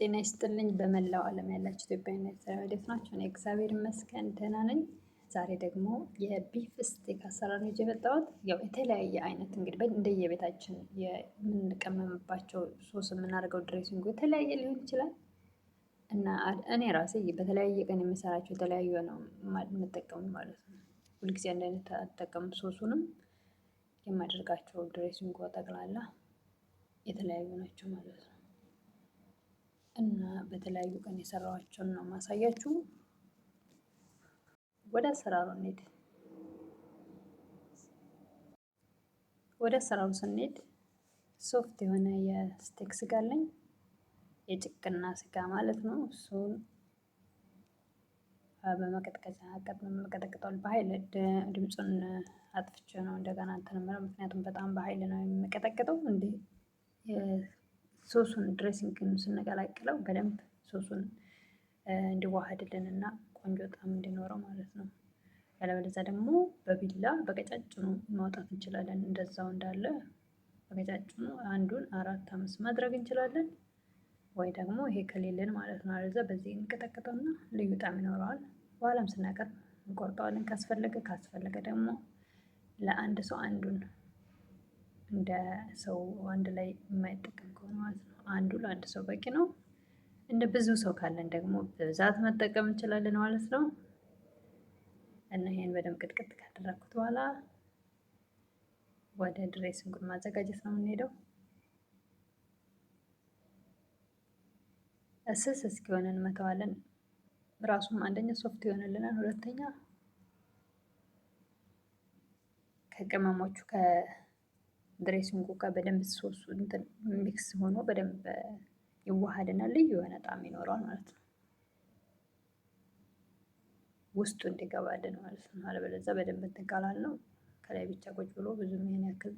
ጤና ይስጥልኝ። በመላው ዓለም ያላችሁ ኢትዮጵያ ኤርትራ ወደት ናቸው? እኔ እግዚአብሔር ይመስገን ደህና ነኝ። ዛሬ ደግሞ የቢፍ ስቴክ አሰራር ነው የመጣሁት። ያው የተለያየ አይነት እንግዲህ እንደየቤታችን የምንቀመምባቸው ሶስ የምናደርገው ድሬሲንጉ የተለያየ ሊሆን ይችላል እና እኔ ራሴ በተለያየ ቀን የምሰራቸው የተለያዩ ነው የምጠቀሙ ማለት ነው። ሁልጊዜ አንድ አይነት አጠቀም ሶሱንም የማደርጋቸው ድሬሲንጉ ጠቅላላ የተለያዩ ናቸው ማለት ነው። እና በተለያዩ ቀን የሰራኋቸውን ነው ማሳያችሁ። ወደ አሰራሩ እንሂድ። ወደ አሰራሩ ስንሄድ ሶፍት የሆነ የስቴክ ስጋ አለኝ፣ የጭቅና ስጋ ማለት ነው። እሱን በመቀጥቀጫ መቀጠቅጠል በኃይል ድምፁን አጥፍቼ ነው እንደገና እንትን ምክንያቱም በጣም በኃይል ነው የሚቀጠቅጠው እንዴ ሶሱን ድሬሲንግ ስንቀላቅለው በደንብ ሶሱን እንዲዋሃድልን እና ቆንጆ ጣዕም እንዲኖረው ማለት ነው። ያለበለዛ ደግሞ በቢላ በቀጫጭኑ ማውጣት እንችላለን። እንደዛው እንዳለ በቀጫጭኑ አንዱን አራት አምስት ማድረግ እንችላለን። ወይ ደግሞ ይሄ ከሌለን ማለት ነው። አለዛ በዚህ እንቀጠቅጠውና ልዩ ጣዕም ይኖረዋል። በኋላም ስናቀርብ እንቆርጠዋለን ካስፈለገ ካስፈለገ ደግሞ ለአንድ ሰው አንዱን እንደ ሰው አንድ ላይ የማይጠቀም ከሆነ ማለት ነው። አንዱ ለአንድ ሰው በቂ ነው። እንደ ብዙ ሰው ካለን ደግሞ በብዛት መጠቀም እንችላለን ማለት ነው። እና ይሄን በደንብ ቅጥቅጥ ካደረኩት በኋላ ወደ ድሬሲንጉን ማዘጋጀት ነው የምንሄደው። እስስ እስኪሆን እንመተዋለን። ራሱም አንደኛ ሶፍት ይሆንልናል፣ ሁለተኛ ከቅመሞቹ ከ ድሬሲንጉ ጋር በደንብ ሶሱ ሚክስ ሆኖ በደንብ ይዋሃድና ልዩ የሆነ ጣዕም ይኖረዋል ማለት ነው። ውስጡ እንዲገባልን ማለት ነው። አለበለዚያ በደንብ እንትን ነው። ከላይ ብቻ ቁጭ ብሎ ብዙም ይሄን ያክል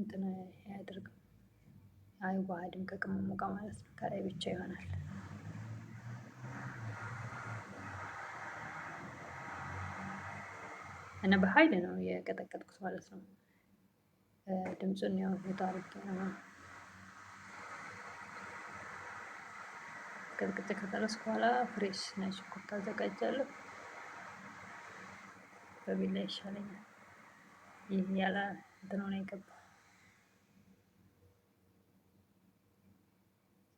እንትን አያደርግም፣ አይዋሃድም ከቅመሙ ጋር ማለት ነው። ከላይ ብቻ ይሆናል። እና በኃይል ነው የቀጠቀጥኩት ማለት ነው። ድምፁን ያው ቦታ አድርጌ ነው ቀጥቅጬ ከጨረስኩ በኋላ ፍሬሽ ነጭ ሽንኩርት አዘጋጃለሁ። በቢላ ይሻለኛል። ይህ ያለ እንትኑ ነው የገባው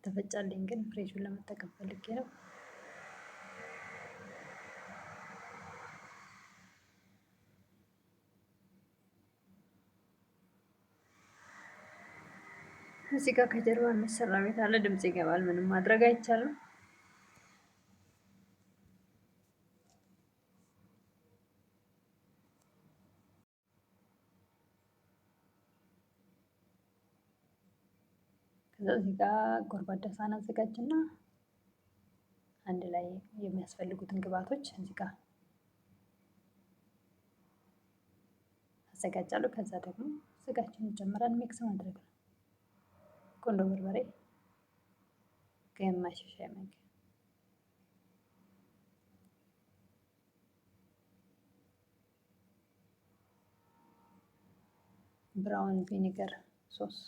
ተፈጫልኝ ግን ፍሬሹን ለመጠቀም ፈልጌ ነው። እዚህ ጋር ከጀርባ የሚሰራ ቤት አለ። ድምጽ ይገባል። ምንም ማድረግ አይቻልም። ከዛ እዚህ ጋር ጎርጓዳ ሳህን አዘጋጅና አንድ ላይ የሚያስፈልጉትን ግብአቶች እዚህ ጋር አዘጋጃለሁ። ከዛ ደግሞ ስጋችን ጨምረን ሚክስ ማድረግ ነው። ቁንዶ በርበሬ ግማሽ ሻይ ማንኪያ ብራውን ቪኒገር ሶስ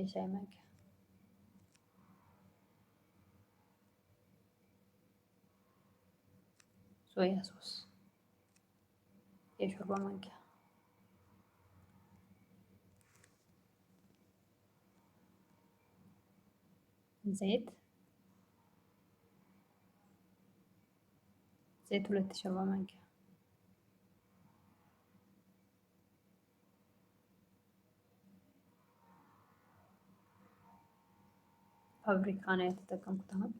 የሻይ ማንኪያ ሶያ ሶስ የሾርባ ማንኪያ ዘይት ዘይት ሁለት ሾርባ ማንኪያ ፋብሪካ ነው የተጠቀምኩት። አሁን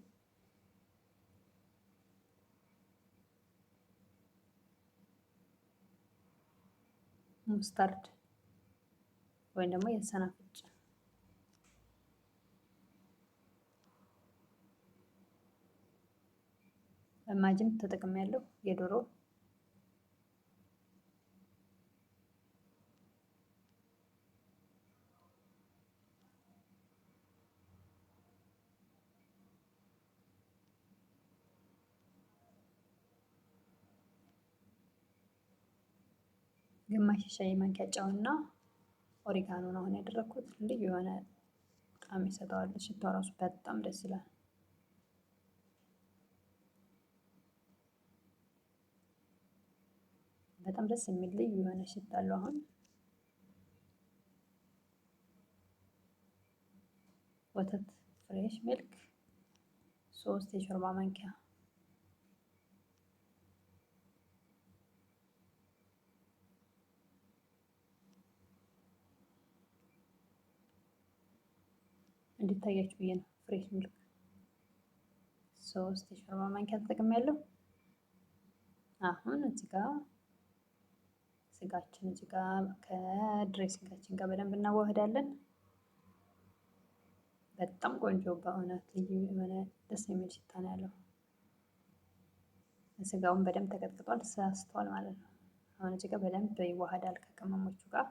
ሙስታርድ ወይም ደግሞ የሰናፍጭ ማጅም ተጠቅም ያለው የዶሮ ግማሽ ሻይ ማንኪያ ጨውና ኦሪጋኖ ነው አሁን ያደረኩት። ልዩ የሆነ ጣዕም ይሰጠዋል። ሽታው ራሱ በጣም ደስ ይላል። በጣም ደስ የሚል ልዩ የሆነ ሽታ አለው አሁን ወተት ፍሬሽ ሚልክ ሶስት የሾርባ ማንኪያ እንዲታያችሁ ብዬ ነው። ፍሬሽ ሚልክ ሶስት የሾርባ ማንኪያ ተጠቅሜያለሁ። አሁን እዚህ ጋር ስጋችን እዚህ ጋር ጋር በደንብ እናዋህዳለን። በጣም ቆንጆ በእውነት ልዩ የሆነ ደስ የሚል ሽታ ነው ያለው። ስጋውን በደንብ ተቀጥቅጧል፣ ተሳስቷል ማለት ነው። አሁን እዚህ ጋር በደንብ ይዋሃዳል ከቅመሞቹ ጋር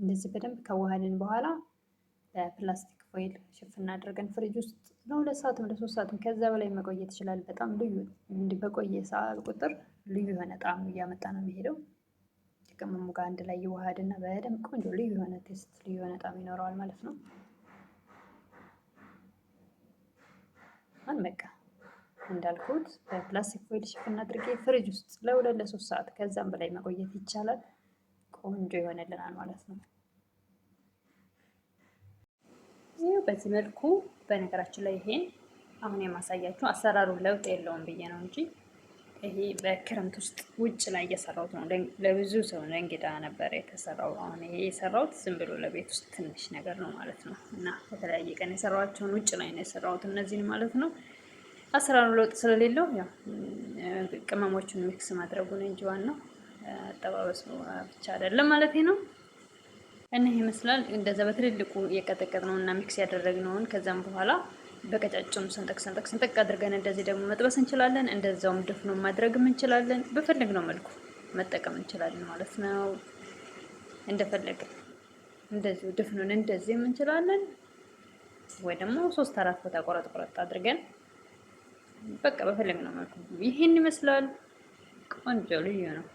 እንደዚህ በደንብ ከዋሃድን በኋላ በፕላስቲክ ፎይል ሽፍን አድርገን ፍሪጅ ውስጥ ለሁለት ሰዓትም ለሶስት ሰዓትም ከዛ በላይ መቆየት ይችላል። በጣም ልዩ እንዲህ በቆየ ሰዓት ቁጥር ልዩ የሆነ ጣዕም እያመጣ ነው የሚሄደው። ከቅመሙ ጋር አንድ ላይ እና በደንብ ቆንጆ ልዩ የሆነ ቴስት፣ ልዩ የሆነ ጣዕም ይኖረዋል ማለት ነው። አሁን በቃ እንዳልኩት በፕላስቲክ ፎይል ሽፍን አድርጌ ፍሪጅ ውስጥ ለሁለት ለሶስት ሰዓት ከዛም በላይ መቆየት ይቻላል። ቆንጆ ይሆንልናል ማለት ነው። ይህ በዚህ መልኩ በነገራችን ላይ ይሄን አሁን የማሳያችሁ አሰራሩ ለውጥ የለውም ብዬ ነው እንጂ ይሄ በክረምት ውስጥ ውጭ ላይ እየሰራሁት ነው። ለብዙ ሰው ለእንግዳ ነበረ የተሰራው። አሁን ይሄ የሰራሁት ዝም ብሎ ለቤት ውስጥ ትንሽ ነገር ነው ማለት ነው እና በተለያየ ቀን የሰራኋቸውን ውጭ ላይ ነው የሰራሁት እነዚህን ማለት ነው። አሰራሩ ለውጥ ስለሌለው ያው ቅመሞቹን ሚክስ ማድረጉን እንጂ ዋናው አጠባበሱ ብቻ አይደለም ማለት ነው። እኒህ ይመስላል እንደዛ በትልልቁ ነው እና ሚክስ ያደረግነውን ከዛም በኋላ በቀጫጭኑ ሰንጠቅ ሰንጠቅ ሰንጠቅ አድርገን እንደዚህ ደግሞ መጥበስ እንችላለን። እንደዛውም ድፍኖ ማድረግም እንችላለን። በፈለግነው መልኩ መጠቀም እንችላለን ማለት ነው። እንደፈለግን እንደዚሁ ድፍኑን እንደዚህም እንችላለን ወይ ደግሞ ሶስት አራት ቦታ ቆረጥ ቆረጥ አድርገን በቃ ነው መልኩ ይህን ይመስላል። ቆንጆ ልዩ ነው።